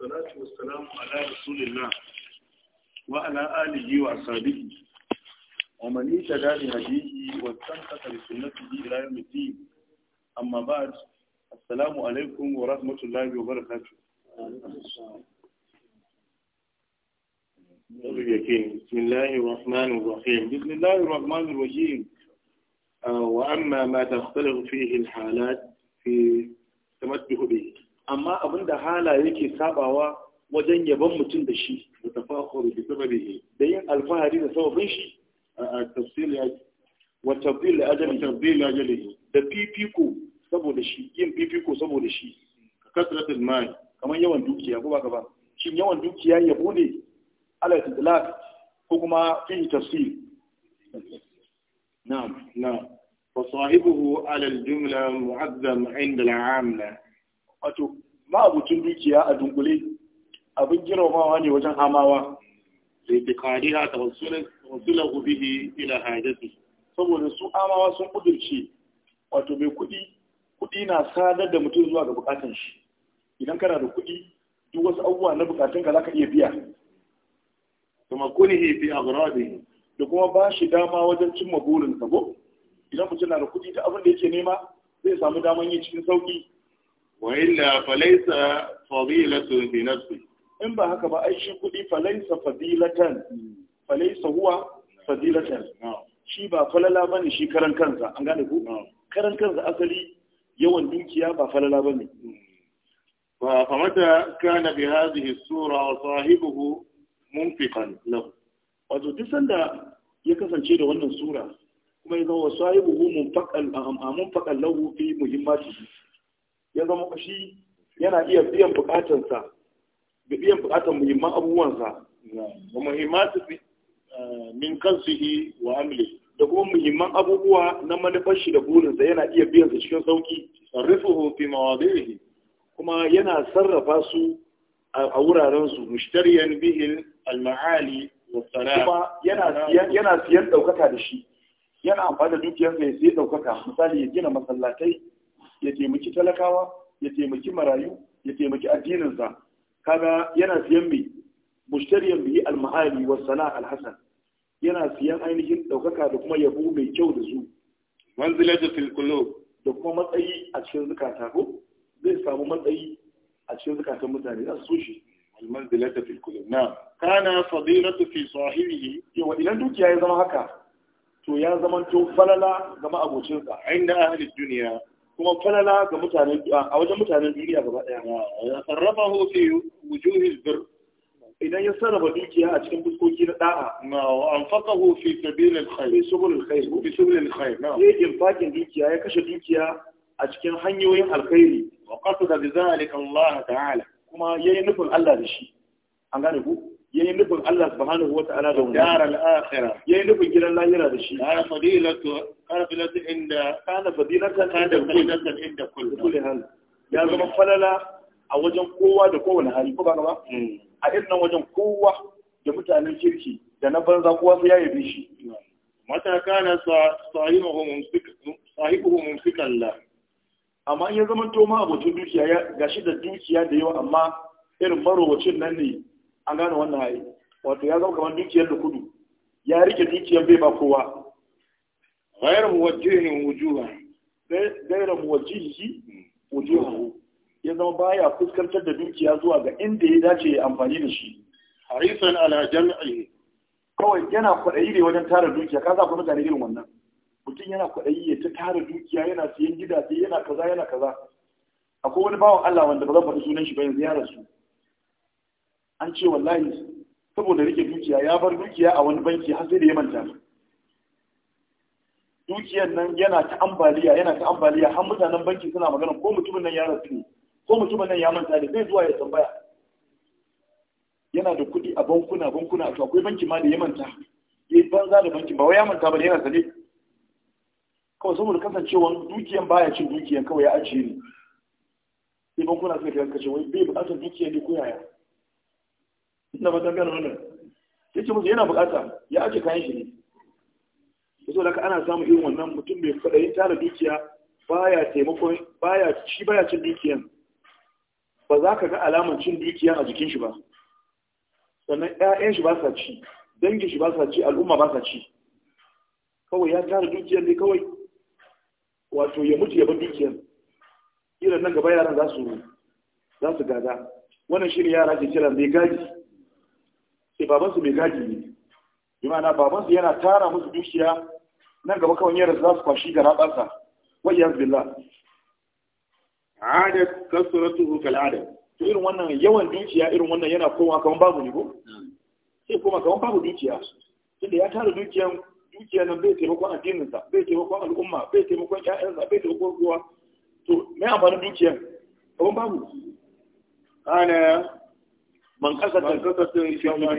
والصلاة والسلام على رسول الله وعلى آله وأصحابه ومن اهتدى بهديه واستمسك بسنته إلى يوم الدين أما بعد السلام عليكم ورحمة الله وبركاته بسم الله الرحمن الرحيم بسم الله الرحمن الرحيم آه، وأما ما تختلف فيه الحالات في تمسك به amma abinda halaye ke sabawa wajen yaban mutum da shi da da bi sababihi da yin alfahari da sababin shi a tafsir ya wa tabdil ajali tabdil ajali da fifiko saboda shi yin fifiko saboda shi kasratul mal kamar yawan dukiya ko baka ba shin yawan dukiya yabo ne ala itlaq ko kuma fi tafsir na'am na'am fa sahibuhu ala al-jumla mu'azzam 'inda al-'amla wato ma'abucin dukiya a dunkule abin girmamawa ne wajen hamawa da ya kari ha ta wasulan ubihi ila hajjati saboda su amawa sun kudurce wato mai kudi kudi na sadar da mutum zuwa ga bukatun shi idan kana da kudi duk wasu abubuwa na bukatun ka zaka iya biya kuma kunihi fi agrabi da kuma ba shi dama wajen cimma burin sa ko idan mutum na da kudi da abin da yake nema zai samu daman yi cikin sauki wa illa falaisa fadilatu bi nafsi in ba haka ba ai shi kudi falaisa fadilatan falaisa huwa fadilatan shi ba falala bane shi karan kansa an gane ku karan kansa asali yawan dukiya ba falala bane فمتى كان بهذه الصورة صاحبه منفقا له wato duk sanda ya kasance da wannan sura kuma ya zama sahibu munfaqal am ah, ah, munfaqal lahu fi muhimmati ya zama shi yana iya biyan bukatansa da biyan bukatan muhimman abubuwansa su fi eh, min yi wa amle da kuma muhimman abubuwa na manufar shi da burinsa yana iya biyan su cikin sauki sarrifuhu fi mawadhihi kuma yana sarrafa su a wuraren su mushtariyan bihin al wa kuma yana yana siyan daukaka da shi yana amfani da dukiyarsa ya siya daukaka misali ya gina masallatai ya taimaki talakawa ya taimaki marayu ya taimaki addininsa kaga yana siyan mai mushtariyan bihi al-ma'ali wa sana al-hasan yana siyan ainihin daukaka da kuma yabo mai kyau da su manzilatu fil qulub da kuma matsayi a cikin zakata ko zai samu matsayi a cikin zakatan mutane za su shi al-manzilatu fil qulub na kana fadilatu fi sahibihi yawa idan dukiya ya zama haka to ya zama to falala ga A inda ahli duniya kuma falala ga mutanen a wajen mutanen duniya gaba daya ya sarrafa hu fi wujuhil bir idan ya sarrafa dukiya a cikin fuskoki na da'a na anfaqahu fi sabilil khair fi subulil khair fi subulil khair na ya fakin dukiya ya kashe dukiya a cikin hanyoyin alkhairi wa qasada bi zalika Allah ta'ala kuma yayi nufin Allah da shi an gane ku Ya yi nufin Allah subhanahu wata'ala da dar al-akhirah yayi nufin gidan lahira da shi Ya fadilatu ana fadilatu inda kana fadilatan inda fadilatan inda kullu hal ya zama falala a wajen kowa da kowane hali ko ba ba hmm. a irin wajen kowa da mutanen kirki da na banza kowa sai ya yabe shi mata kana sahibuhu mumsik sahibuhu mumsikan la amma in ya zama to ma abocin dukiya gashi da dukiya da yawa amma irin marowacin nan ne an gane wannan hari wato ya zama kamar dukiyar da kudu ya rike dukiyar bai ba kowa ghayr muwajjihin wujuha ghayr muwajjihi wujuha ya zama baya fuskantar da dukiya zuwa ga inda ya dace ya amfani da shi harisan ala jam'i kawai yana kwaɗayi ne wajen tara dukiya ka za ku mutane irin wannan mutum yana kwaɗayi ya ta tara dukiya yana siyan gidaje yana kaza yana kaza akwai wani bawan Allah wanda ba zan faɗi sunan shi ba yanzu ya rasu an ce wallahi saboda rike dukiya ya bar dukiya a wani banki har sai da ya manta dukiyar nan yana ta ambaliya yana ta ambaliya har mutanen banki suna magana ko mutumin nan ya rasu ne ko mutumin nan ya manta ne zai zuwa ya tambaya yana da kuɗi a bankuna bankuna a akwai banki ma da ya manta ya eh, banza da bankin ba wai ya manta ba da yana sane kawai saboda kasancewar dukiyan baya cin dukiyan kawai ya ajiye ne sai bankuna suka kai kace wai bai bukatar dukiyan ne ko yaya inda ba gano wannan sai ce musu yana bukata ya ake kayan shi ne yanzu da ana samun irin wannan mutum mai kwaɗayin tara dukiya baya taimakon baya shi baya cin dukiyan ba za ka ga alamar cin dukiyan a jikin shi ba sannan ƴaƴan shi ba sa ci dangin shi ba sa ci al'umma ba sa ci kawai ya tara dukiyan ne kawai wato ya mutu ya bar dukiyan irin nan gaba yaran za su za su gada wannan shi ne yara ke kira mai gadi babansu mai gaji ne bi ma'ana babansu yana tara musu dukiya nan gaba kawai yaran za su kwashi ga rabarsa wa iyaz billah adat kasratuhu kal adat to irin wannan yawan dukiya irin wannan yana koma kaman babu ne ko sai hmm. koma kaman babu dukiya tunda ya tara dukiyan dukiya nan bai taimakon addininsa bai taimakon al'umma bai taimakon ƴaƴansa bai taimakon ruwa to me amfanin dukiyan kaman babu ana man kasance da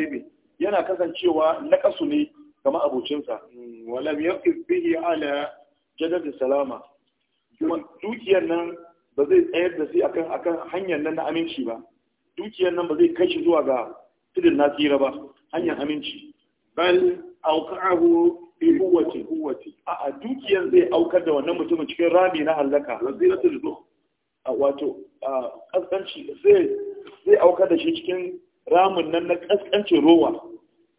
yana kasancewa na kasu ne ga ma'abocinsa hmm, walam yaqif bihi ala jadad salama kuma dukiyar nan ba zai tsayar da shi akan akan hanyar nan na aminci ba dukiyar nan ba zai kai shi zuwa ga tudun nasira ba hanyar aminci bal auka bi quwwati quwwati a dukiyar zai aukar da wannan mutumin cikin rami na halaka laziratul zuh wato kaskanci zai zai auka da shi cikin ramin nan na kaskancin rowa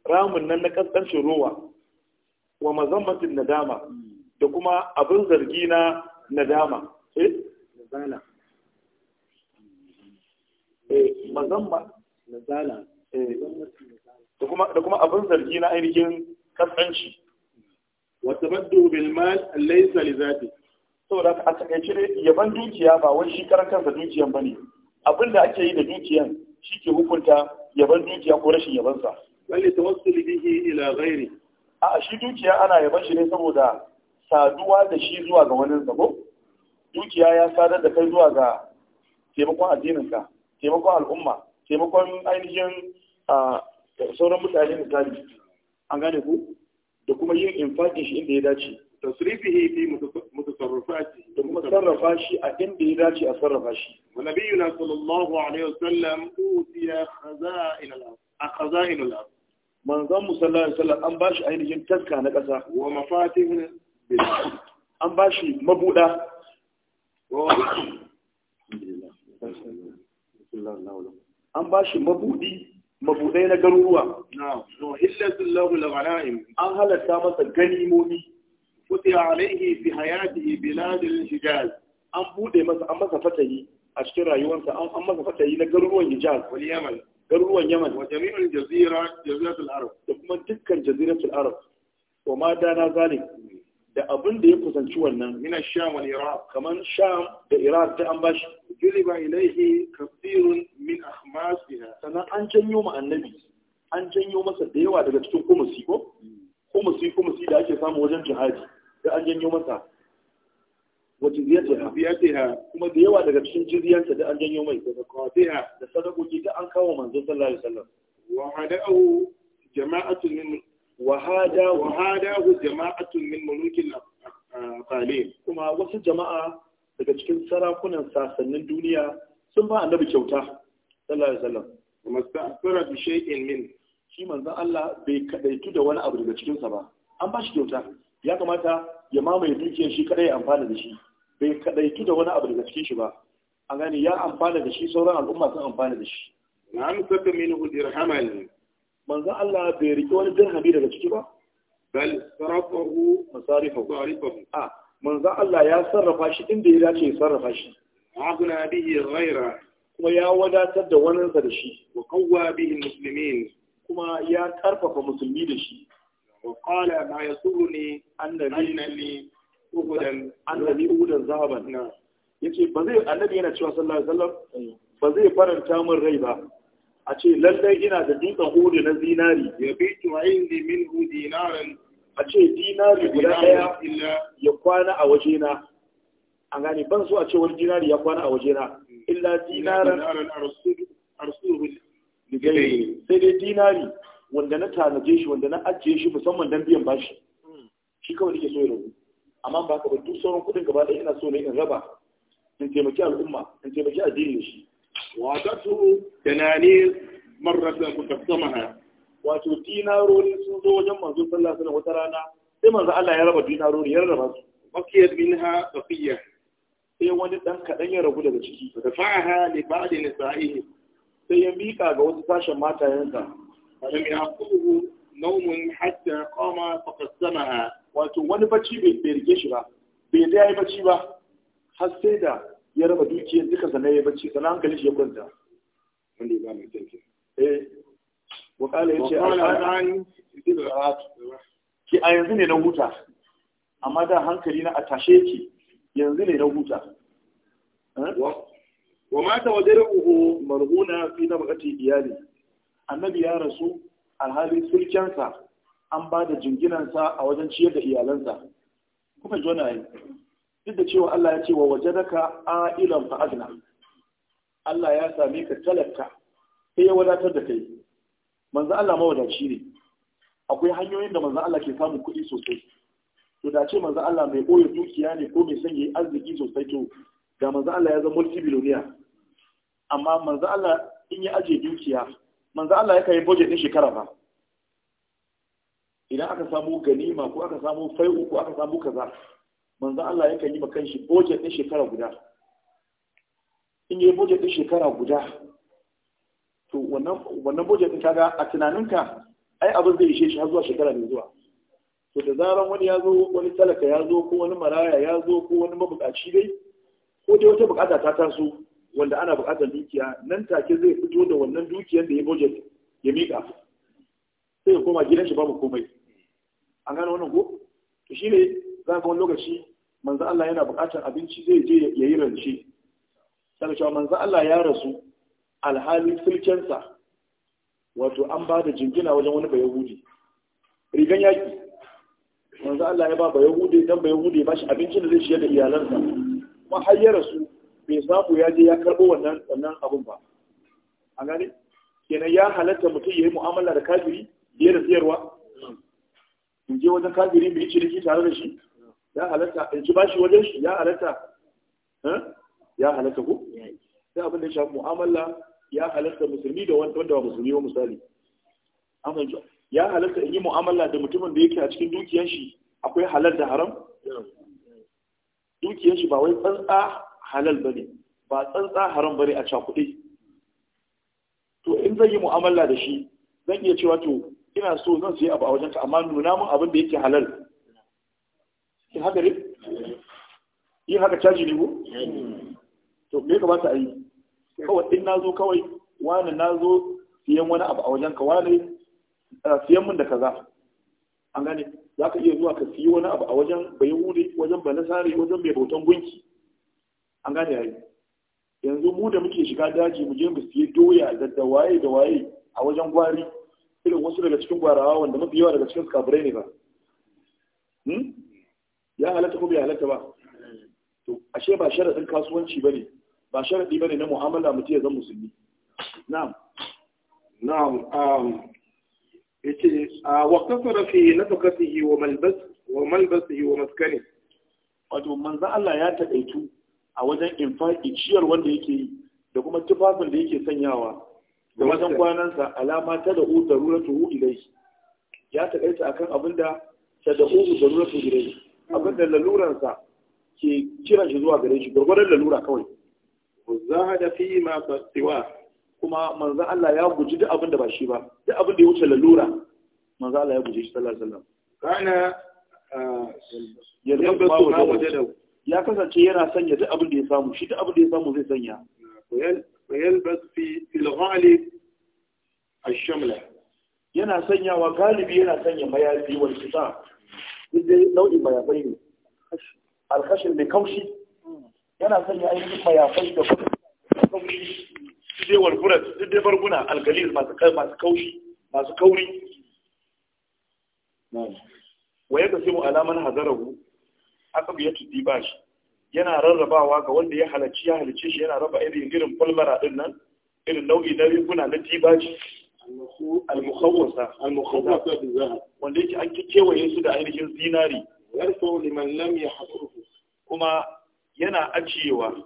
ramin nan na kaskancin rowa wa mazammatin nadama da kuma abin zargi na nadama eh nadala eh mazamma nadala eh da kuma da kuma abin zargi na ainihin kaskanci wa tabaddu bil mal laysa saboda a takaice yaban dukiya ba wani shi karan kansa dukiyan ba ne abin da ake yi da dukiyan shi ke hukunta yaban dukiya ko rashin yabansa wani ta wasu bihi ila gairi. a shi dukiya ana yaban shi ne saboda saduwa da shi zuwa ga wani zabo dukiya ya sadar da kai zuwa ga taimakon addininka taimakon al'umma taimakon ainihin sauran mutane misali an gane ku da kuma yin infakin shi inda ya dace tasrifihi fi mutasarrifati da kuma sarrafa shi a inda ya dace a sarrafa shi wa nabiyuna sallallahu alaihi wasallam utiya khaza'in al-ard a khaza'in al-ard manzon mu sallallahu alaihi wasallam an bashi ainihin taska na ƙasa wa mafatihun bil an bashi mabuda an bashi mabudi na garuruwa na an halarta masa ganimomi kuti alaihi fi hayatihi biladil hijaz an bude masa an masa fatahi a cikin rayuwarsa an masa fatahi na garuruwan hijaz wal yaman garuruwan yaman wa jami'ul jazira jaziratul arab da kuma dukkan jaziratul arab wa ma dana zalik da abin da ya kusanci wannan min sham wal iraq kaman sham da iraq ta an bashi juliba ilaihi kasirun min ahmasiha Sannan an janyo ma annabi an janyo masa da yawa daga cikin kumusi ko hmm. kumusi kumusi da ake samu wajen jihadi da an janyo masa wacce ziyarta kuma da yawa daga cikin jiryarsa da an janyo mai daga kawatiha da sadakoki da an kawo manzo sallallahu alaihi wasallam wa hada'u jama'atun min wa hada wa hadahu jama'atun min mulukin qalil kuma wasu jama'a daga cikin sarakunan sasannin duniya sun ba annabi kyauta sallallahu alaihi wasallam kuma sa'ara bi shay'in min shi manzo Allah bai kadaitu da wani abu daga cikin sa ba an ba shi kyauta ya kamata ya mamaye dukiyar shi kadai ya amfana da shi bai kadai tu da wani abu daga cikin shi ba an gani ya amfana da shi sauran al'umma sun amfana da shi na mini minhu dirhaman manzo Allah bai riki wani dirhami daga ciki ba bal sarafahu masarifahu a manzo Allah ya sarrafa shi inda ya dace ya sarrafa shi aguna bihi ghaira kuma ya wadatar da wani da shi wa qawwa bihi muslimin kuma ya karfafa musulmi da shi وقال ما يسرني أنني أهدا أنني أهدا ذهبا yace ba zai annabi yana cewa sallallahu alaihi wasallam ba zai faranta min rai ba a ce lallai ina da dutsen hudu na zinari ya bi tu'indi minhu dinaran a ce dinari guda daya ya kwana a wajena an gane ban so a ce wani dinari ya kwana a wajena illa dinaran arsudu arsudu sai dai dinari wanda na tanaje shi wanda na ajiye shi musamman dan biyan bashi hmm. shi kawai nake so ya rabu amma ba ka bar duk sauran kuɗin gaba ɗaya ina so ne in raba in taimaki al'umma in taimaki addini shi wadatu ku marratan mutassamaha wato dinarori sun zo wajen manzo sallallahu alaihi wata rana sai manzo Allah ya raba dinarori ya raba su bakiyat minha safiya sai wani dan kadan ya rabu daga ciki da fa'aha li ba'di nisa'ihi sai ya mika ga wasu sashen matayensa falam ya'quhu nawmun hatta qama faqassamaha wato wani bacci bai rike shi ba bai da yayi bacci ba har sai da ya raba dukiyar duka sannan ya bacci sannan hankali shi ya kwanta wanda ba mai tsarki eh wa ki a yanzu ne na huta amma da hankali na a tashe ki yanzu ne na huta wa mata wajen ruhu marhuna fi na bakati iyali annabi ya rasu alhali sulkensa an ba da jinginansa a wajen ciyar da iyalansa kuma jona yi duk da cewa Allah ya ce wa waje daka a ilan fa'agna Allah ya sami ka talaka sai ya wadatar da kai manzo Allah mawadaci ne akwai hanyoyin da manzo Allah ke samun kuɗi sosai to da ce manzo Allah mai ɓoye dukiya ne ko mai sanya arziki sosai to da manzo Allah ya zama multi billionaire amma manzo Allah in ya ajiye dukiya manzo Allah ya kai budget din shekara ba idan aka samu ganima ko aka samu fai'u ko aka samu kaza manzo Allah ya kai ma shi budget din shekara guda in yi budget din shekara guda to wannan wannan budget din kaga a tunaninka ai abin zai ishe shi har zuwa shekara mai zuwa to da zaran wani ya zo wani talaka ya zo ko wani maraya ya zo ko wani mabukaci dai ko dai wata bukata ta taso wanda ana buƙatar dukiya nan take zai fito da wannan dukiyar da ya budget ya miƙa sai ya koma gidan shi babu komai an gano wannan ko to shine za ka wani lokaci manzo Allah yana buƙatar abinci zai je ya yi rance sai cewa manzo Allah ya rasu alhali sulkensa wato an ba da jingina wajen wani bayahudi rigan yaki manzo Allah ya ba bayahudi dan bayahudi ya bashi abincin da zai ciyar da iyalansa kuma har ya rasu bai samu ya je ya karɓo wannan wannan abun ba an gane kenan ya halatta mutum ya yi mu'amala da kafiri biye da siyarwa in je wajen kafiri bai ciniki tare da shi ya halatta in ci bashi wajen shi ya halatta ya halatta ko sai abin da ya shafi mu'amala ya halatta musulmi da wanda ba musulmi ba misali ya halatta in yi mu'amala da mutumin da yake a cikin dukiyar shi akwai halar da haram dukiyar shi ba wai tsantsa halal ba ne ba tsantsa haram ba ne a cakuɗe to in zan yi mu'amala da shi zan iya cewa to ina so zan sayi abu a wajenka amma nuna min abin da yake halal in haka ne yin haka caji ne ko to me ka ba ta yi kawai in na zo kawai wani na zo siyan wani abu a wajenka wani eh, siyan min da kaza an gane za ka iya zuwa ka siyi wani abu a wajen bayahudi wajen balasari wajen mai bautan gunki an gane yayi yanzu mu da muke shiga daji mu je mu siye doya da da waye da waye a wajen gwari irin wasu daga cikin gwarawa wanda mafi yawa daga cikin kafirai ne ba hmm? ya halatta ko bai halatta ba to ashe ba sharadin kasuwanci bane ba sharadi bane na mu'amala mu ya zan musulmi na'am na'am um yace uh, wa kasara fi nafaqatihi wa malbas wa malbasihi wa maskani wato manzo Allah ya taƙaitu a wajen infaki ciyar wanda yake yi da kuma tufafin da yake sanyawa da wajen kwanansa alama ta da rura tuhu ilai ya takaita akan abin da ta da rura tuhu ilai abin da laluransa ke kiran shi zuwa gare shi gurgurdan lalura kawai zahada fi ma tsiwa kuma manzo Allah ya guji duk abin da ba shi ba duk abin da ya wuce lalura manzo Allah ya guji shi sallallahu alaihi wasallam kana ah, yalbasu ma da ya kasance yana sanya duk abin da ya samu shi duk abin da ya samu zai sanya fil ghalib ash-shamla yana sanyawa galibi yana sanya mayafi wal kisa duk nau'i mayafi ne al alkashin bi kaushi yana sanya ainihin mayafi da kaushi su dai walbura su dai barguna algalil masu kaushi masu kauri wa ya kasi mu alaman hazarahu aka ya tuddi ba shi yana rarrabawa ga wanda ya halarci ya halarci shi yana raba irin irin fulmara din nan irin nau'i na riguna na tibaji al-mukhawwasa al-mukhawwasa bi zahab wanda yake an kewaye su da ainihin zinari liman lam kuma yana ajiyewa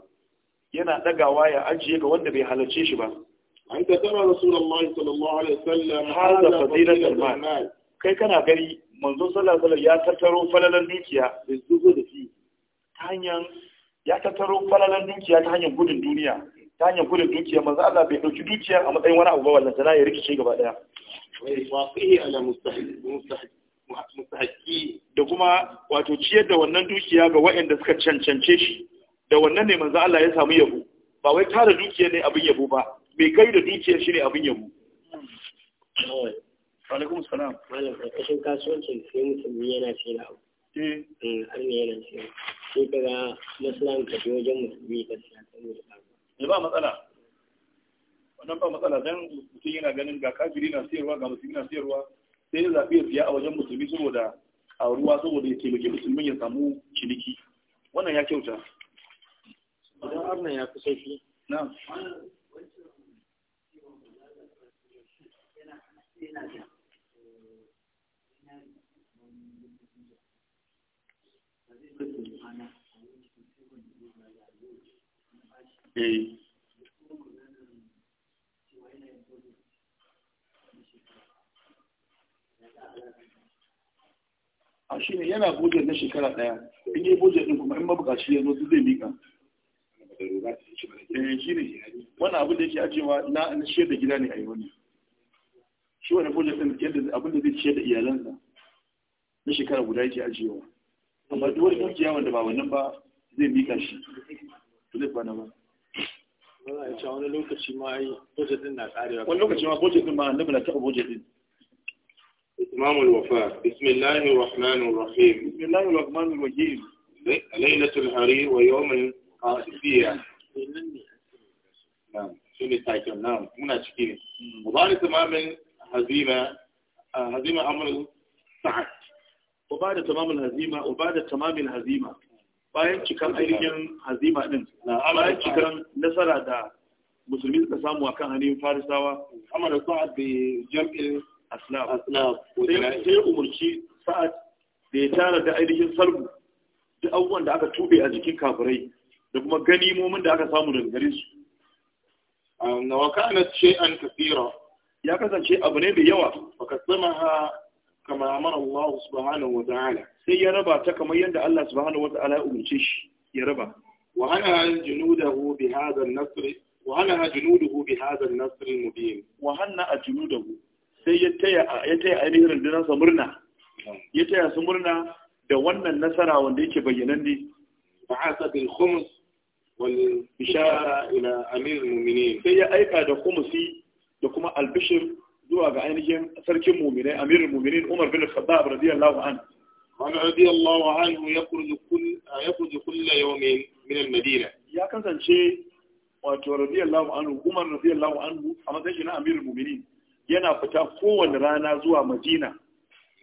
yana dagawa ya ajiye ga wanda bai halarce shi ba an ta tara rasulullahi sallallahu alaihi wasallam fadilatul mal kai kana gari manzo sallallahu alaihi ya tattaro falalan dukiya da zuwa da fi ta hanyar ya tattaro falalan dukiya ta hanyar gudun duniya ta hanyar gudun dukiya manzo Allah bai dauki dukiya a matsayin wani abu ba wallahi sana ya rikice gaba daya wa fihi ala mustahiq da kuma wato ciyar da wannan dukiya ga waɗanda suka cancance shi da wannan ne manzo Allah ya samu yabo ba wai tara dukiya ne abin yabo ba bai kai da dukiyar shi ne abin yabo alaikum salam malam karkashin kasuwancin sai musulmi yana sai abu har ne yana sai eh. eh, sai ka ga masalan ka je wajen musulmi ka siya saboda abu eh, ba matsala wannan ba matsala dan mutum yana ganin ga kafiri na siyarwa ga musulmi na siyarwa sai ya zaɓi ya siya a wajen musulmi saboda a ruwa saboda ya taimaki musulmin ya samu ciniki wannan ya kyauta idan arna ya fi sauki na yana Eh. a shi ne yana bujar na shekara ɗaya in yi bujar ɗin kuma in mabukaci ya zo zai mika eh, shi ne wani abin da yake ajiyewa na an da gida ne a yi wani shi wani bujar ɗin abin da zai ciyar da iyalansa na shekara guda yake ajiyewa. amma duk wani dukiya wanda ba wannan ba zai mika shi zai kwana ba wani lokaci ma ai budget din na karewa wani lokaci ma budget din ma annabi na taɓa budget din إتمام الوفاء بسم الله الرحمن الرحيم بسم الله الرحمن الرحيم ليلة الحرير ويوم القاسفية نعم شنو تايتم نعم منا شكيني مضارع تماما هزيمة هزيمة أمر سعد Ubada ba da tamamul hazima wa tamamul hazima bayan cikan ainihin hazima din bayan cikan nasara da musulmi suka samu a kan hannun farisawa amma da sa'ad da jam'il aslam sai umarci sa'ad da ya tara da ainihin sarbu da abubuwan da aka tube a jikin kafirai da kuma ganimomin da aka samu daga gare su na wakana an kafira ya kasance abu ne da yawa baka sama kama amara Allah subhanahu wa ta'ala sai ya raba ta kamar yadda Allah subhanahu wa ta'ala ya umarce shi ya raba wa hana junudahu bi hadha an-nasr wa ana junuduhu bi hadha an-nasr al-mubin wa hanna junudahu sai ya taya ya taya ainihin rundunar sa murna ya taya su murna da wannan nasara wanda yake bayyananne ba'atha bil khums wal bishara ila amir al-mu'minin sai ya aika da khumsi da kuma albishir zuwa ga ainihin sarkin mu'minai amirul mu'minin Umar bin Khattab radiyallahu anhu man radiyallahu anhu yakhruju ya yakhruju kull yawmin min al-Madina ya kasance wato radiyallahu anhu Umar radiyallahu anhu a matsayin na amirul mu'minin yana fita kowanne rana zuwa Madina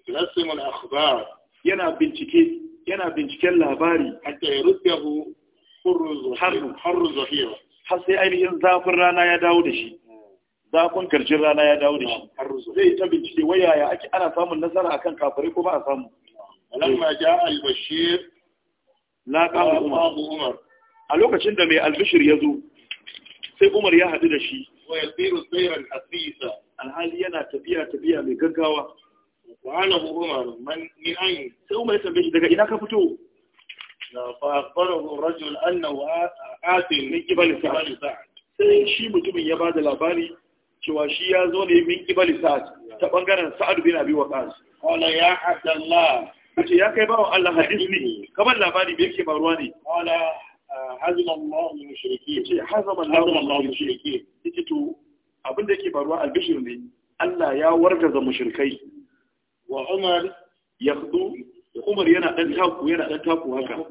yasimul akhbar yana bincike yana binciken labari hatta yaruddahu harru harru zahira har sai ainihin zafin rana ya dawo da shi zafin karshen rana ya dawo da shi zai ta bincike waya ya ake ana samun nasara akan kafirai ko ba a samu alamma ja al-bashir la qala umar a lokacin da mai albishir ya zo sai umar ya hadu da shi wa yasiru sayran asisa alhali yana tafiya tafiya mai gaggawa wa'ala umar man min ayn sai umar ya tambaye shi daga ina ka fito fa akhbarahu rajul annahu atin min qibal sa'd sai shi mutumin ya bada labari cewa shi ya zo ne min ibali sa'ad ta bangaren sa'ad bin abi waqas qala ya abdullah kace ya kai bawan Allah hadisi ne kamar labari me yake faruwa ne qala ah, hazama Allah mushriki ce hazama Allah mushriki yace to abin da yake faruwa albishir ne Allah ya wargaza mushrikai wa Umar yakhdu Umar yana dan taku yana ɗan taku haka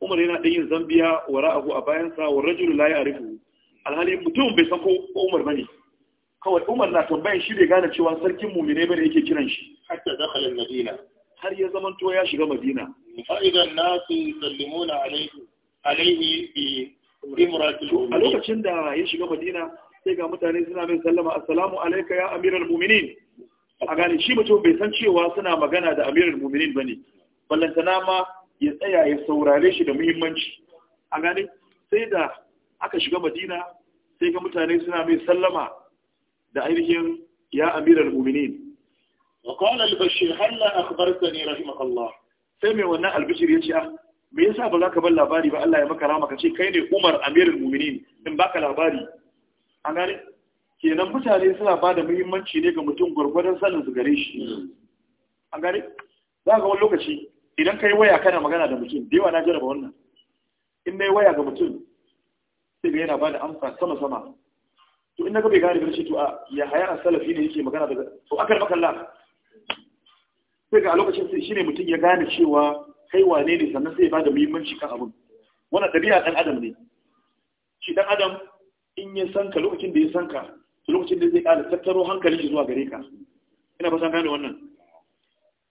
Umar yana ɗan yin zambiya wa wara'ahu a bayansa wa rajulu la ya'rifu alhali mutum bai san ko umar bane kawai umar na tambayan shi bai gane cewa sarkin ne bane yake kiran shi hatta dakhala madina har ya to ya shiga madina fa idan nasu sallimuna alayhi alayhi bi imratil a lokacin da ya shiga madina sai ga mutane suna mai sallama assalamu alayka ya amiral mu'minin a gane shi mutum bai san cewa suna magana da amiral mu'minin bane ballantana ma ya tsaya ya saurare shi da muhimmanci a gane sai da aka shiga madina sai ga mutane suna mai sallama da ainihin ya amiral mu'minin wa qala al-bashir halla akhbartani rahimakallah sai mai wannan albishir ya ce ah me yasa ba za ka bar labari ba Allah ya maka rama ka ce kai ne Umar Amirul Mu'minin in baka labari an gane kenan mutane suna ba da muhimmanci ne ga mutum gwargwadon sanin su gare shi hmm. an gane za ga wani lokaci idan waya kana magana da mutum da yawa na wannan in nayi waya ga mutum sai bai yana ba da amsa sama sama to in naga bai gane ba shi to a ya haya salafi ne yake magana daga to akar makalla sai ga a lokacin sai shine mutum ya gane cewa kai wane ne sannan sai ya bada muhimmanci kan abun. wannan dabi'a dan adam ne shi dan adam in ya san ka lokacin da ya san ka to lokacin da zai ƙara tattaro hankali shi zuwa gare ka ina ba san gane wannan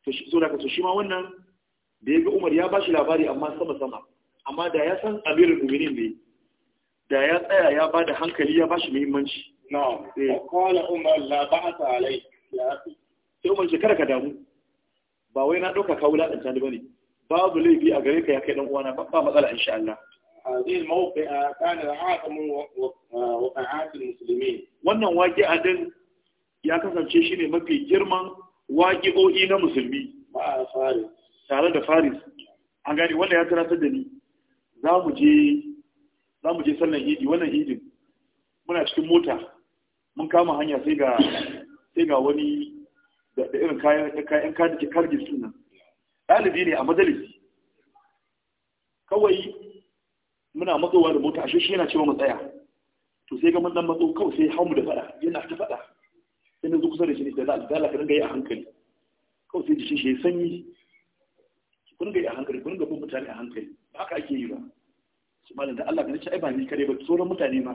to shi ka to shi ma wannan da ya ga Umar ya bashi labari amma sama sama amma da ya san Amirul Mu'minin ne da ya tsaya ya ba da hankali ya ba shi muhimmanci Na eh umar la ba'sa alai ya akhi sai umar shekara ka damu ba wai na ɗauka kawo wulakanta ni bane babu laifi a gare ka ya kai dan uwana ba ba matsala insha Allah hadhihi mawqi'a kana al-hakim waqa'at al musulmi. wannan a din ya kasance shi ne mafi girman waqi'o'i na musulmi ba a faris tare da faris an gani wanda ya tunatar da ni za mu je za mu je sallan idi wannan hidin. muna cikin mota mun kama hanya sai ga sai ga wani da irin kayan kayan kayan kargis din nan ɗalibi ne a majalisi kawai muna matsowa da mota a shi yana cewa mu tsaya to sai ga mun dan matso kawai sai hamu da fada yana ta fada sai na zo kusa da shi da za a dinga yi a hankali kawai sai jikin shi ya sanyi kun ga yi a hankali kun ga bin mutane a hankali ba haka ake yi ba su malam da Allah ka ce ai ba ni kare ba sauran mutane ma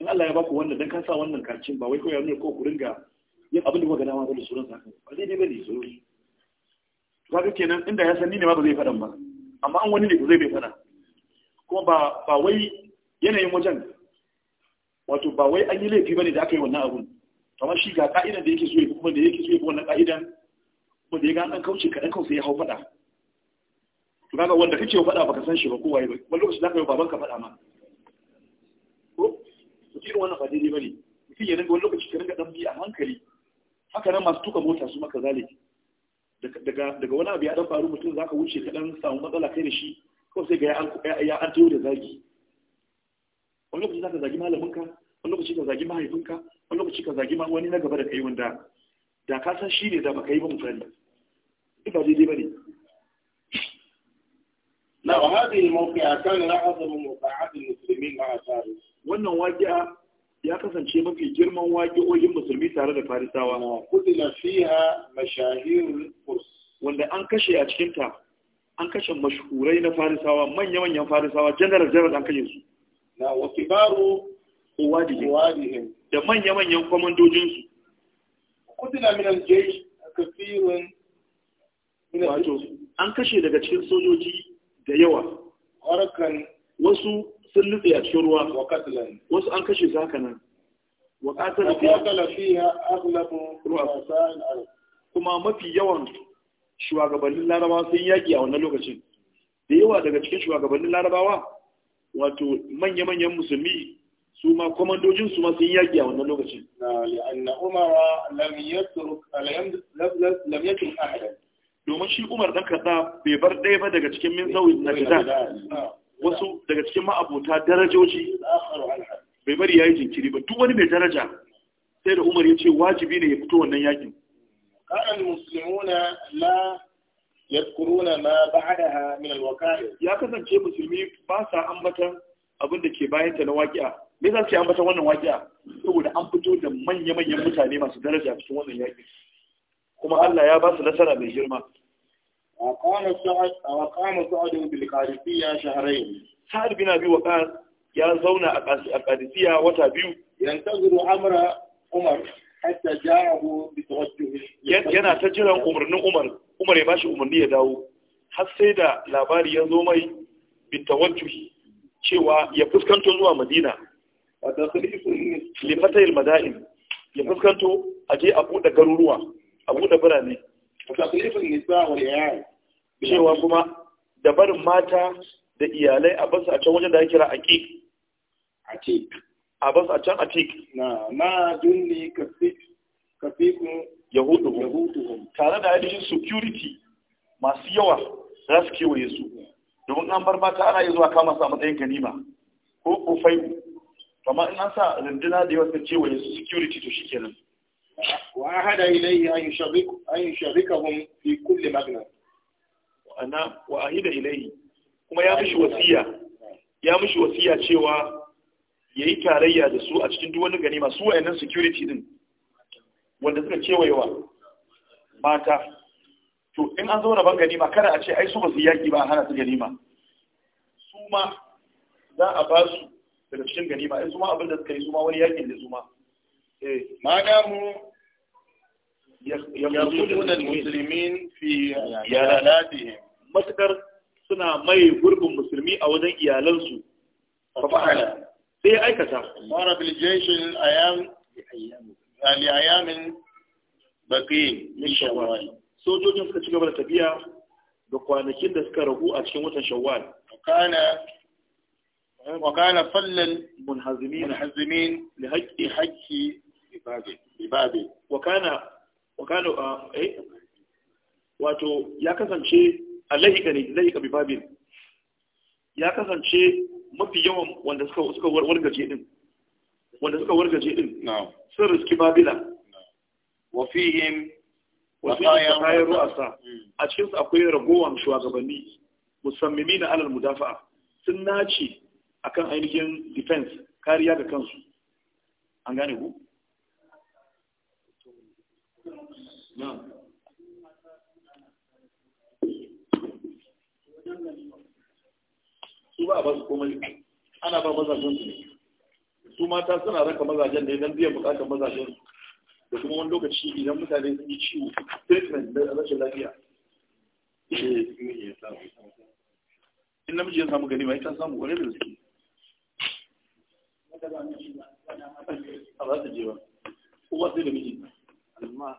in Allah ya baku wannan dan ka sa wannan karcin ba wai ko ya ne ko ku ringa yin abin da kuka dama ba da sauran sa ba zai dai bane so kaga kenan inda ya san ni ne ma ba zai fadan ba amma an wani ne ba zai bai fada kuma ba ba wai yanayin wajen wato ba wai an yi laifi bane da aka yi wannan abun kamar shi ga ka'idan da yake so ya kuma da yake so ya wannan ka'idan kuma da ya ga an kauce kaɗan kawai sai ya hau fada kaga wanda kake yau faɗa baka san shi ba waye ba wani lokaci zaka yi baban ka faɗa ma ko to irin wannan ba daidai bane mutum ya rinka wani lokaci ka dinga dan bi a hankali haka nan masu tuka mota su maka zaliki daga daga wani abu ya dan faru mutum zaka wuce ka dan samu matsala kai da shi ko sai ga ya ya an tayo da zagi wani lokaci zaka zagi malamin ka wani lokaci ka zagi mahaifinka wani lokaci ka zagi ma wani na gaba da kai wanda da ka san shi ne da baka yi ba mutane ba daidai bane وهذه الموقعة wannan waƙi'a ya kasance mafi girman waƙi'o'in musulmi tare da farisawa wanda an kashe a cikinta, an kashe mashhurai na farisawa manya-manyan farisawa general general an kashe su na wa kibaru da manya-manyan kwamandojin su kutila min al-jaysh wato an kashe daga cikin sojoji da yawa harkan wasu sun nutse a cikin ruwa wa katilan wasu an kashe su haka nan wa qatala fiha qatala fiha aghlabu ru'asa'il al kuma mafi yawan shugabannin larabawa sun yaki a wannan lokacin da yawa daga cikin shugabannin larabawa wato manya-manyan musulmi su ma kwamandojin su ma sun yaki a wannan lokacin na li'anna umara lam yatruk lam yatruk ahadan domin shi Umar ɗan Kaddaf bai bar ɗaya ba daga cikin min na gida wasu daga cikin ma'abota darajoji bai bari ya yi jinkiri ba duk wani mai daraja sai da Umar ya ce wajibi ne ya fito wannan yakin ya kasance musulmi ba sa ambatan abin da ke bayan ta na waƙiya me za su yi ambatan wannan waƙiya saboda an fito da manya-manyan mutane masu daraja cikin wannan yakin kuma Allah ya ba su nasara mai girma Sa’ad سعد وقام سعد بالقادسية شهرين سعد بن أبي وقاص يا زونا Umar, وتابيو ينتظر أمر عمر yana ta jiran umarnin Umar Umar ya bashi umarni ya dawo har sai da labari ya zo mai bitawajjuhi cewa ya fuskanto zuwa Madina wa tasrifu li madain ya fuskanto a je a buɗe garuruwa Abu buɗe birane cewa kuma da barin mata da iyalai a basu a can wajen da ya kira aƙiƙ aƙiƙ a basu a can aƙiƙ na ma dunni kafikun yahuduhum tare da ainihin security masu yawa za su kewaye su domin an bar mata ana yi zuwa kama su a matsayin ganima ko kofai amma in an sa runduna da yawa su kewaye su security to shi kenan وعهد إليه أن يشرك أن يشركهم في كل مجنى وأنا وعهد إليه كما يا مش وصية يا مش وصية cewa yayi tarayya da su a cikin duk wani gani masu wayannan security din wanda suka cewayewa mata to in an zo rabon ganima kada a ce ai su ba su yaki ba hana su ganima su ma za a ba su daga cikin ganima in su ma abin da suka yi su ma wani yakin da su ma ma damu almuslimin fi yalanatihim matakar suna mai gurbin musulmi a wajen iyalansu fa fa'ala sai aikata mara bil jayshin ayam li ayamin baqi min shawwal sojojin suka ci gaba da tafiya da kwanakin da suka ragu a cikin watan shawwal kana وكان munhazimin المنهزمين منهزمين لحق babe wa kana wa kana uh, eh wato ya kasance alaika ne laika bi babin ya kasance mafi yawan wanda suka suka wargaje din wanda suka wargaje din na'am sun riski babila wa fihim hmm. a cikin su akwai ragowar shugabanni musammimi na alal mudafa'a sun nace akan ainihin defense kariya ga kansu an gane ku su ba a basu komai ana ba mazajen su ne su mata suna raka mazajen da idan biyan bukatar mazajen su da kuma wani lokaci idan mutane sun yi ciwo treatment da rashin lafiya in namiji ya samu gani ma ita samu kwarai da gaske a ba su je ba kuma sai da miji نعم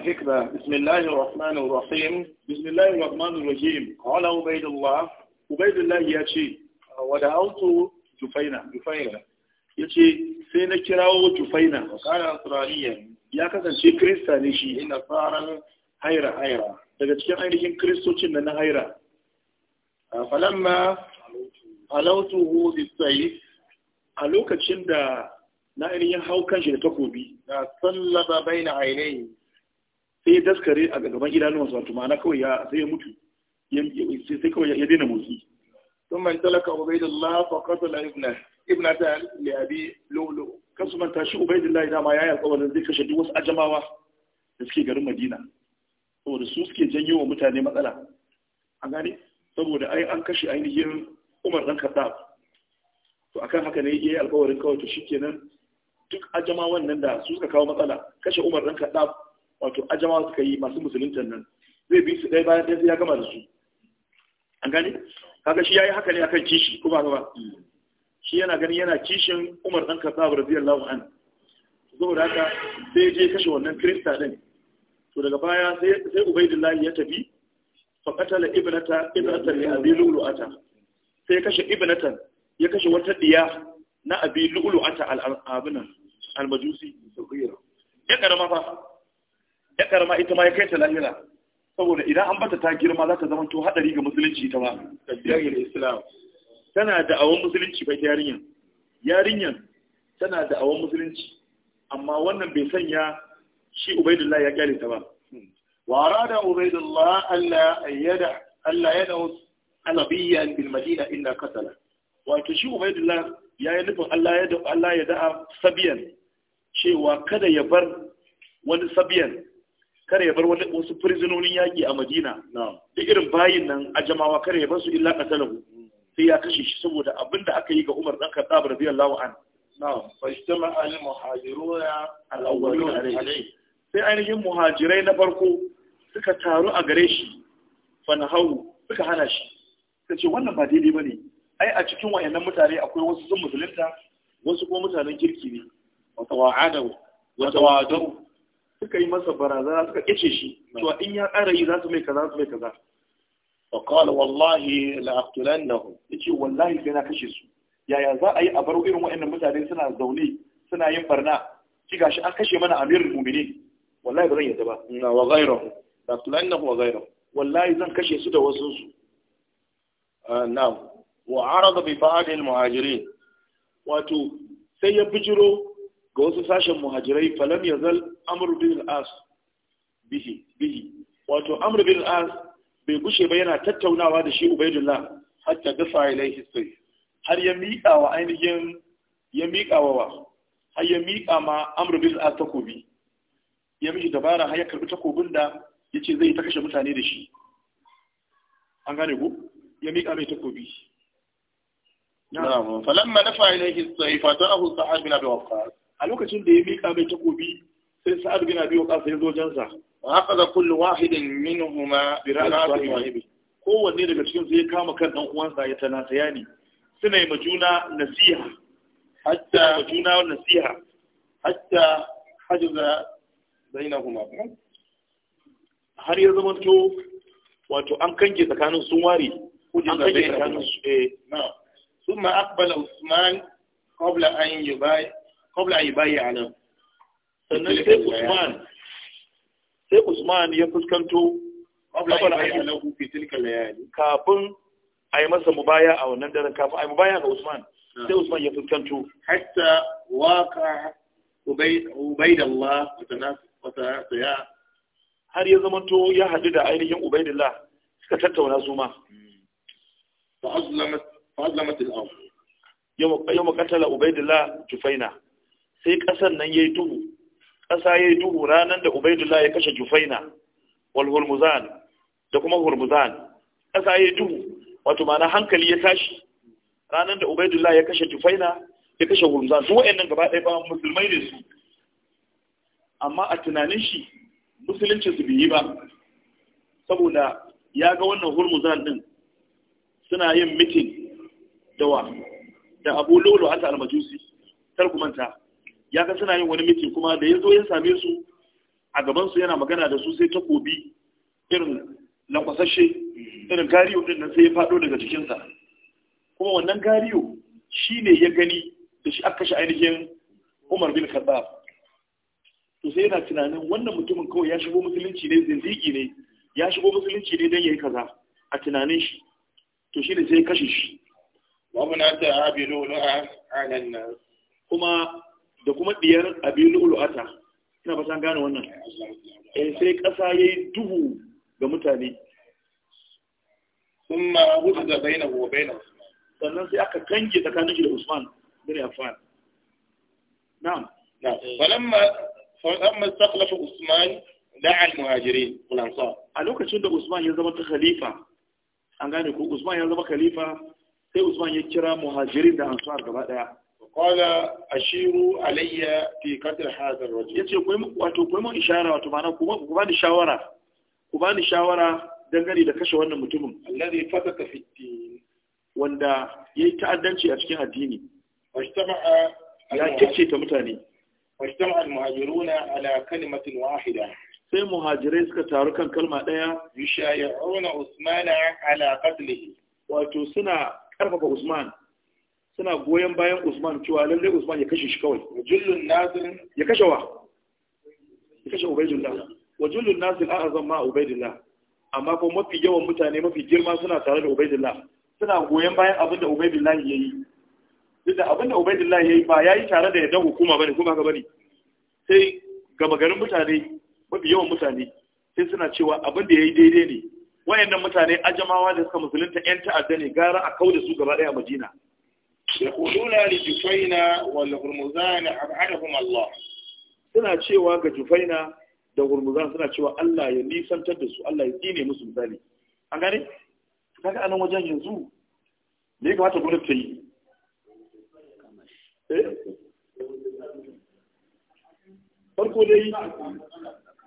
حكمة بسم الله الرحمن الرحيم بسم الله الرحمن الرحيم قال عبيد الله عبيد الله يأتي ودعوت جفينة جفينة يأتي سينا كراو جفينة وقال أسرائيا يا كسان شي كريستا نشي إن صار haira haira daga cikin ainihin kristocin da na haira falamma halautuhu sai. a lokacin da na ainihin hau kanshi da takobi na sallaba baina ainihi sai ya daskare a gaban idanuwansa wato ma'ana kawai ya sai ya mutu sai kawai ya daina motsi ثم انطلق عبيد الله فقتل ابنه ابنة Kasu لؤلؤ كسما تاشي عبيد الله ya yi يا zai kashe duk wasu ajamawa da suke garin Madina saboda su suke janyo wa mutane matsala a gane saboda ai an kashe ainihin umar dan kaddaf to a kan haka ne ya yi alkawarin kawai to shikenan duk ajama wannan da su suka kawo matsala kashe umar dan kaddaf wato ajama suka yi masu musulunta nan zai bi su ɗaya bayan ɗaya ya gama da su an gane kaga shi yayi haka ne akan kishi kuma ba shi yana gani yana kishin umar dan kaddaf radiyallahu anhu saboda haka sai je kashe wannan krista din to daga baya sai ubaidillahi ya tafi fa qatala ibnata ibnatan li abi lu'lu'ata sai ya kashe ibnatan ya kashe wata diya na abi lu'lu'ata al-abinan al-majusi ya karama fa ya karama ita ma ya kai ta lahira saboda idan an bata ta girma za ta zama to hadari ga musulunci ta ma islam tana da awon musulunci ta yarinyar yarinyar tana da awon musulunci amma wannan bai sanya shi ubaidullah ya kyale ta ba wa arada ubaidullah Allah ayyada Allah ya dawo alabiyan bil madina illa qatala wato shi ubaidullah ya yi nufin Allah ya dawo Allah ya da'a sabiyan cewa kada ya bar wani sabiyan kada ya bar wani wasu prisononin yaki a Madina da irin bayin nan a jamawa kada ya bar su illa qatalahu sai ya kashe shi saboda abinda aka yi ga Umar dan Khattab radiyallahu anhu na'am fa ijtama'a al-muhajiruna al-awwaluna alayhi sai ainihin muhajirai na farko suka taru a gare shi hau suka hana shi suka ce wannan ba daidai ba ne ai a cikin wayannan mutane akwai wasu sun musulunta wasu kuma mutanen kirki ne wata wa'adau wata wa'adau suka yi masa barazana suka kice shi to in ya ƙara yi za su mai kaza su mai kaza wa qala wallahi la aqtulannahu yace wallahi sai na kashe su yaya za a yi a bar irin wayannan mutane suna zaune suna yin barna ki gashi an kashe mana amirul mu'minin wallahi ba zan yadda ba na wa ghayruhu la na wa ghayruhu wallahi zan kashe su da wasu su ah, Na. wa arada bi ba'd al muhajirin wato sai ya bijiro ga wasu sashen muhajirai falam ya amru bil as bihi bihi wato amru as bai gushe ba yana tattaunawa da shi ubaidullah hatta dafa ilaihi sai har ya miƙa wa ainihin ya miƙa wa har ya miƙa ma amru bin al'as takobi ya mishi dabara har ya karbi takobin da ya ce zai ta kashe mutane da shi an gane ku ya mika mai takobi na'am falamma nafa ilayhi sayfa ta'ahu sa'ad bin abi waqqas a lokacin da ya mika mai takobi sai sa'ad bin abi waqqas ya zo jansa wa haqada kullu wahidin minhuma bi ra'sihi wa ibi kowanne daga cikin su ya kama kan dan uwansa ya tanasaya ne suna yi majuna nasiha hatta majuna nasiha hatta hajaza bainahuma har ya zama to wato an kange tsakanin sun ware an kange tsakanin su eh ثم أقبل عثمان قبل أن يبايع sannan sai Usman sai Usman ya fuskanto fi tilka layali kafin ayi masa mubaya a wannan daren kafin ayi mubaya ga Usman sai Usman ya fuskanto hatta waqa Ubaydullah wa masa tsaya har ya zama to ya haɗu da ainihin ubaidillah suka tattauna su ma fa azlamat al ubaidillah jufaina sai ƙasar nan ya yi duhu ƙasa ya yi duhu ranar da ubaidillah ya kashe jufaina wal hurmuzan da kuma hurmuzan ƙasa ya yi duhu wato mana hankali ya tashi ranar da ubaidillah ya kashe jufaina ya kashe hurmuzan su wa'annan gaba ɗaya ba musulmai ne su amma a tunanin shi musulunci su biyi ba saboda ya ga wannan hurmuzan din suna yin mitin da wa da abu lolo hata almajusi tarkumanta ya ga suna yin wani mitin kuma da ya zo ya same su a gabansu yana magana da su sai takobi irin lankwasashe irin gariyo din nan sai ya faɗo daga cikinsa kuma wannan gariyo shi ne ya gani da shi aka sha ainihin umar bin khattab to sai yana tunanin wannan mutumin kawai ya shigo musulunci ne zinzigi ne ya shigo musulunci ne don ya yi kaza a tunanin shi to shi ne sai kashe shi wa muna ta abilu lu'a anan nas kuma da kuma diyar abilu lu'ata ina ba san gane wannan eh sai kasa yayi duhu ga mutane thumma wuta bainahu wa bainahu sannan sai aka kange tsakanin shi da Usman bin Affan na'am na'am falamma فأما استخلف عثمان دعا المهاجرين والأنصار a lokacin da Usman ya zama khalifa an gane ko Usman ya zama khalifa sai Usman ya kira muhajirin da ansar gaba daya qala ashiru alayya fi qatl hadha ar-rajul yace ku wato ku mun ishara wato ma'ana ku ku bani shawara ku bani shawara dangane da kashe wannan mutumin alladhi fataka fi wanda yayi ta'addanci a cikin addini ya kike ta mutane واجتمع المهاجرون على كلمة واحدة sai muhajirai suka taru kan kalma ɗaya yushayi'una usmana ala qatlihi wato suna karfafa usman suna goyon bayan usman cewa lalle usman ya kashe shi kawai wajullun nasir ya kashe wa ya kashe ubaidullah wajullun nasir a'azam ma ubaidullah amma kuma mafi yawan mutane mafi girma suna tare da ubaidullah suna goyon bayan abin da ubaidullah yayi duk da abinda ya yayi ba yi tare da yadda hukuma bane kuma ka bari sai gama garin mutane mafi yawan mutane sai suna cewa abinda ya yayi daidai ne wayannan mutane ajamawa da suka musulunta yan ta'adda ne gara a da su gaba daya Madina yaquluna li Jufaina wal Hurmuzan ab'adahum Allah suna cewa ga Jufaina da Hurmuzan suna cewa Allah ya nisantar da su Allah ya tsine musu misali an gane kaga anan wajen yanzu me ya kamata gwamnati ta yi farko dai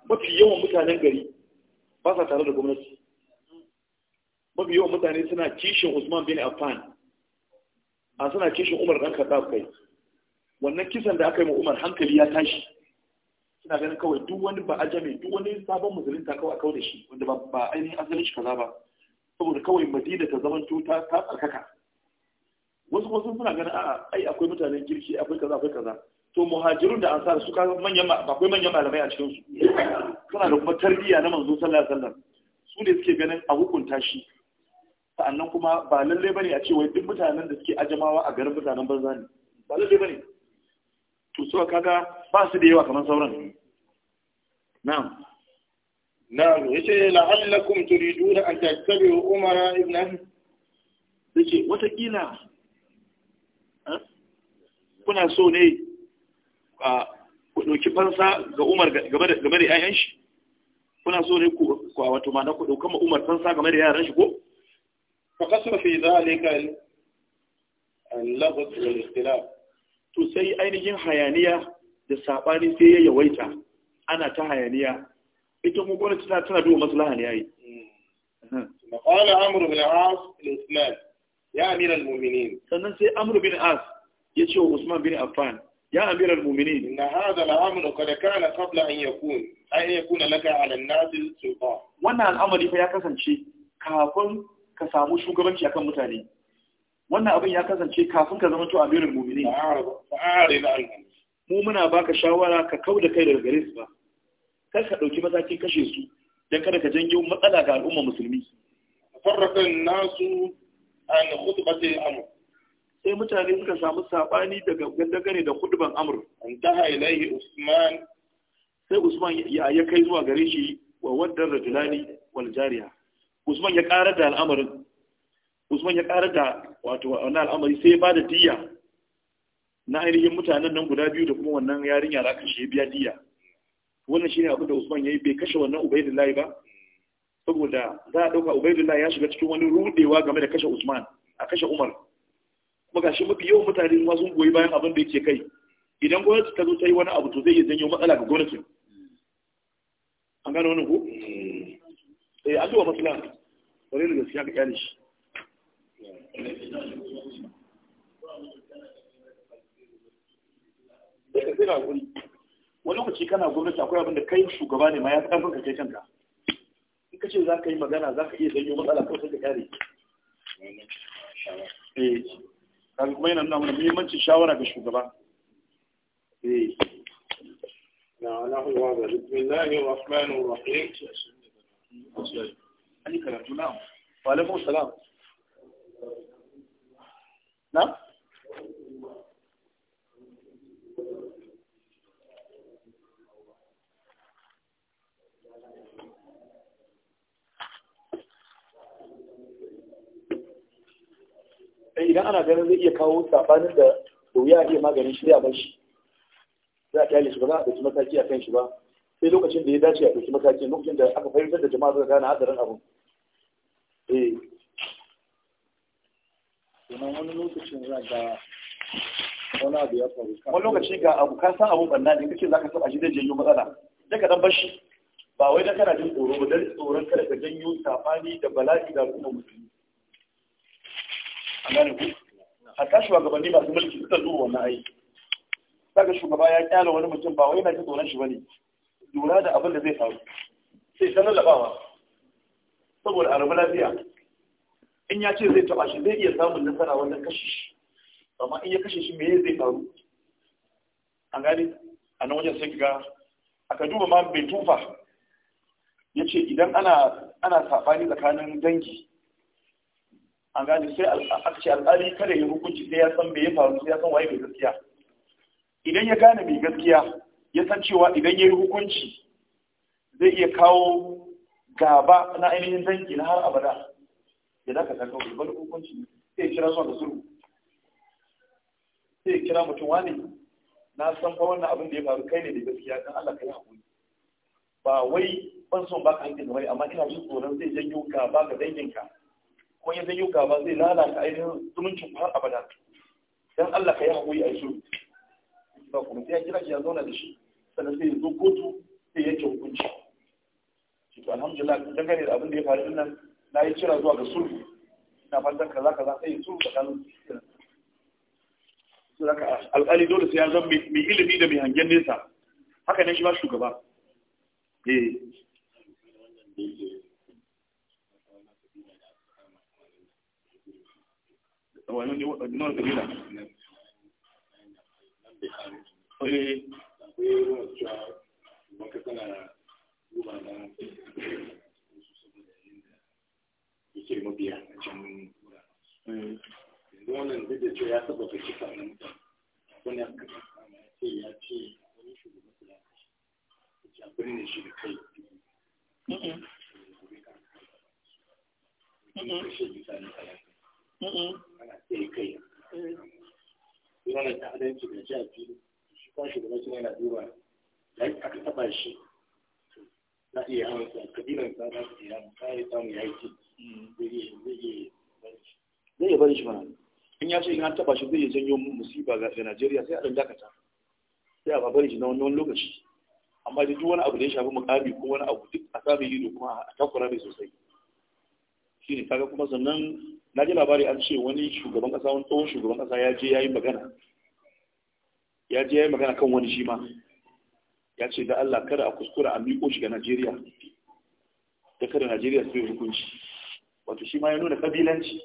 mafi yawan mutanen gari ba sa tare da gwamnati mafi yawan mutane suna kishin usman bin affan a suna kishin umar ɗan kaɗa kai wannan kisan da aka yi umar hankali ya tashi suna ganin kawai duk wani ba jami duk wani sabon musulunta kawai a kawai da shi wanda ba ainihin asalin shi kaza ba saboda kawai madina ta zamanto ta tsarkaka wasu kuma sun suna ganin a ai akwai mutanen kirki akwai kaza akwai kaza to muhajirun da ansar su kaga manyan akwai manyan malamai a cikin su suna da kuma tarbiyya na manzo sallallahu alaihi wasallam su ne suke ganin a hukunta shi sa'annan kuma ba lalle bane a ce wai duk mutanen da suke ajamawa a garin mutanen banza ne ba lalle bane to su kaga ba su da yawa kamar sauran na'am na'am yace la'allakum turiduna an tattabi'u umara ibn yace wata kila kuna so ne a ku ɗauki fansa ga Umar game da ‘ya'yan shi, kuna so ne ku wato ma na ku ɗauka Umar fansa game da yaran shi ko? Fa kasar fi zalika al-lafz da ikhtilaf. To sai ainihin hayaniya da saɓani sai ya yawaita ana ta hayaniya ita mu gwamnati tana tana duba maslaha ne yayi. Maqala mm. Amr bin As al ya amir al-mu'minin. Sannan sai Amr bin As ya ce wa Usman bin Affan ya amiral mu'minin inna hadha al-amru qad kana qabla an yakun ay yakuna laka 'ala an-nas sultan wannan al'amari fa ya kasance kafin ka samu shugabanci akan mutane wannan abin ya kasance kafin ka zama to amiral mu'minin fa'arina anhum mu muna baka shawara ka kauda kai daga gare su ba kar ka dauki matakin kashe su dan kada ka janyo matsala ga al'umma musulmi farraqan nasu an khutbati al-amr sai mutane suka samu sabani daga gandagare da kudban amur. an taha ilaihi usman sai usman ya kai zuwa gare shi wa wadda rajulani wal jariya usman ya ƙara da al'amarin usman ya ƙara da wato wannan al'amari sai ya da diya na ainihin mutanen nan guda biyu da kuma wannan yarinya da aka shi biya diya wannan ne abin da usman ya yi bai kashe wannan ubaidullahi ba saboda za a ɗauka ubaidullahi ya shiga cikin wani rudewa game da kashe usman a kashe umar kuma mafi yawan mutane ma sun goyi bayan abin da yake kai idan gwamnati ta zo ta yi wani abu to zai iya janyo matsala ga gwamnatin an gano wani ko hmm. eh an zuwa matsala bare da gaskiya ka kyale shi sai ka ga wani lokaci kana gwamnati akwai abin da kai shugaba ne ma ya tsafin ka kai kanka in ka ce za ka yi magana za ka iya janyo matsala ko sai ka kyale eh kaga kuma yana nuna mana muhimmancin shawara ga shugaba eh na na huwa da bismillahir rahmanir rahim ani karatu na wa alaikum salam na idan ana ganin zai iya kawo sabanin da wuya iya maganin shi a bar shi za a kyale shi ba za a ɗauki mataki a kan shi ba sai lokacin da ya dace a ɗauki mataki lokacin da aka fahimtar da jama'a suka gane hadarin abu eh wani lokacin za ga wani abu ya faru wani lokaci ga abu ka san abu banna ne kace zaka saba shi zai janyo matsala sai ka dan bar ba wai dan kana jin tsoro ba dan tsoron kada ka janyo tsafani da bala'i da al'umma musulmi asiyani hatta shugabanni masu mulki suka duba wannan aiki saka shugaba ya kyala wani mutum ba wai yana jin tsoron shi bane lura da abin da zai faru sai ta lallabawa saboda a rabu lafiya in ya ce zai taba shi zai iya samun nasara wannan kashe shi amma in ya kashe shi me zai faru an gani a nan wajen sai ga aka duba ma bai tufa ya ce idan ana ana saɓani tsakanin dangi an gane sai a ce alƙali kada ya hukunci sai ya san me ya faru sai ya san waye mai gaskiya idan ya gane mai gaskiya ya san cewa idan ya yi hukunci zai iya kawo gaba na ainihin dangi na har abada ya za ka saka wani hukunci sai kira zuwa da suru sai kira mutum wani na san fa wannan abin da ya faru kai ne da gaskiya kan Allah kai hakuri ba wai ban son baka hankali amma ina jin tsoron zai janyo gaba ga danginka kuma ya yi gaba zai lalata ainihin zumuncin har abada Don Allah ka yi haƙuri a yi ba kuma sai ya kira shi ya zauna da shi sannan sai ya zo kotu sai ya yanke hukunci shi to alhamdulillah dangane da abin da ya faru din nan na yi kira zuwa ga sulhu ina fatan kaza kaza sai ya sulhu tsakanin su haka alƙali dole sai ya zama mai ilimi da mai hangen nesa haka ne shi ba shugaba eh wannan ne wannan kabila eh maka kana duba na yake mabiya a can da cewa ya saba ka na mutane wani ya kama ya ce ya ce da kai kashe bisa na ana tsaye kai eh. yana da adalci da shi a fili shi da shi gaba yana duba da aka taba shi za a iya hamsa kabilan sa za su iya hamsa ya samu ya yi ci mm. zai iya bari shi mana in ya ce in an taba shi zai iya janyo musiba ga najeriya sai a ɗan dakata sai a bari shi na wani lokaci amma duk wani abu da ya shafi mukami ko wani abu duk a sami ido kuma a takura mai sosai ne kaga kuma sannan na ji labari an ce wani shugaban kasa wani tsohon shugaban kasa ya je ya yi magana ya je ya yi magana kan wani shi ma ya ce da Allah kada a kuskura a miƙo shi ga Najeriya da kada Najeriya su yi hukunci wato shi ma ya nuna kabilanci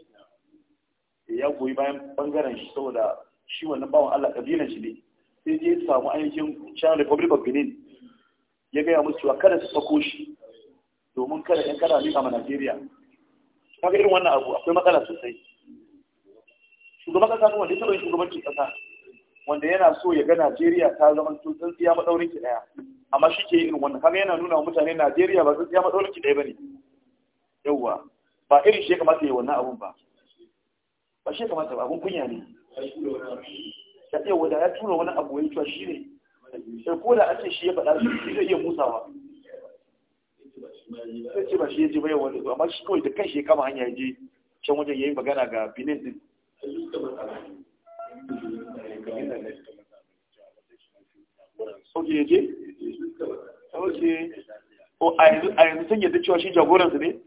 ya goyi bayan bangaren shi saboda shi wannan bawan Allah kabilan shi ne sai je samu ainihin China Republic of Benin ya gaya musu cewa kada su sako shi domin kada ɗan kada a miƙa ma Najeriya kaga irin wannan abu akwai matsala sosai shugaban kasa kuma da taɓa yin shugabancin kasa wanda yana so ya ga Najeriya ta zama tutsun tsiya maɗaurin ki ɗaya amma shi ke irin wannan kaga yana nuna wa mutane Najeriya ba tsiya maɗaurin ki ɗaya ne? yawwa ba irin shi ya kamata ya wannan abun ba ba shi ya kamata ba abun kunya ne ya tsaye wanda ya tura wani abu ya yi cewa shi ne sai ko da a ce shi ya faɗa shi zai iya musawa sai ce ba shi ya bai wani amma shi kawai da kanshi ya kama hanya ya je can wajen ya yi magana ga benin din je? O a yanzu sun yadda cewa shi jagoransu ne?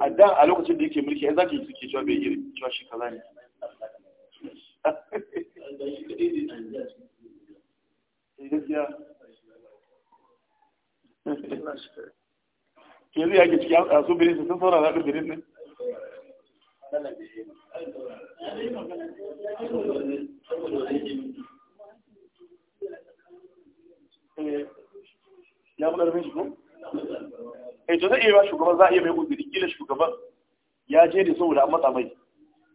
A da a lokacin da yake mulki, ya zaki suke cewa bai yi cewa shi kaza ne. Eh, gaskiya yanzu ya ke ciki a su birin sun saura zaɓin birin ne eh, ya fi min shigo? eh to zai iya shugaban za a iya mai uzuri kila shugaban ya je da saboda an matsa mai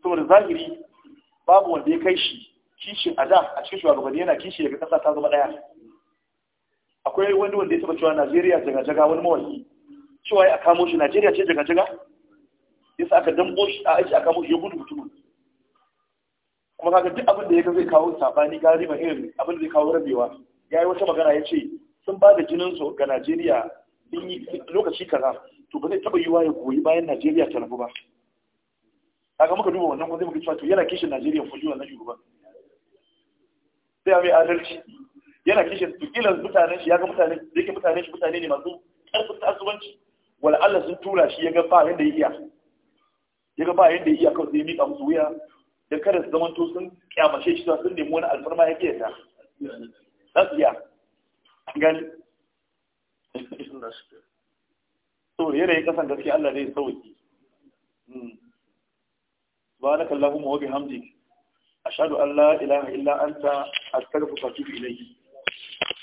saboda zahiri babu wanda ya kai shi a da a cikin shugabanni yana kishi daga kasa ta zama ɗaya akwai wani wanda ya taɓa cewa najeriya jaga-jaga wani mawaki cewa ya kamo shi najeriya ce jaga-jaga sa aka dambo shi a aiki a kamo shi ya gudu mutumin kuma kaga duk abin da ya zai kawo sabani gari ba irin abin da zai kawo rabewa ya yi wata magana ya ce sun ba da jinin su ga najeriya lokaci kaza to ba zai taɓa yiwa ya goyi bayan najeriya ta rabu ba kaga muka duba wannan kuma zai muka cewa to yana kishin najeriya fujiwa na shugaban sai ya mai adalci yana su tukilan mutanen shi ya ga mutane da yake mutanen shi mutane ne masu karfin tasubanci wala Allah sun tura shi ya ga ba yanda ya iya ya ga ba yanda ya iya kawai sai ya miƙa musu wuya da kada su zamanto sun kyamashe shi sun nemi wani alfarma ya kiyata ta za su iya gani so yanayin kasan gaske Allah zai sauki hmm. subhanakallahumma wa bihamdika ashhadu Allah la ilaha illa anta astaghfiruka wa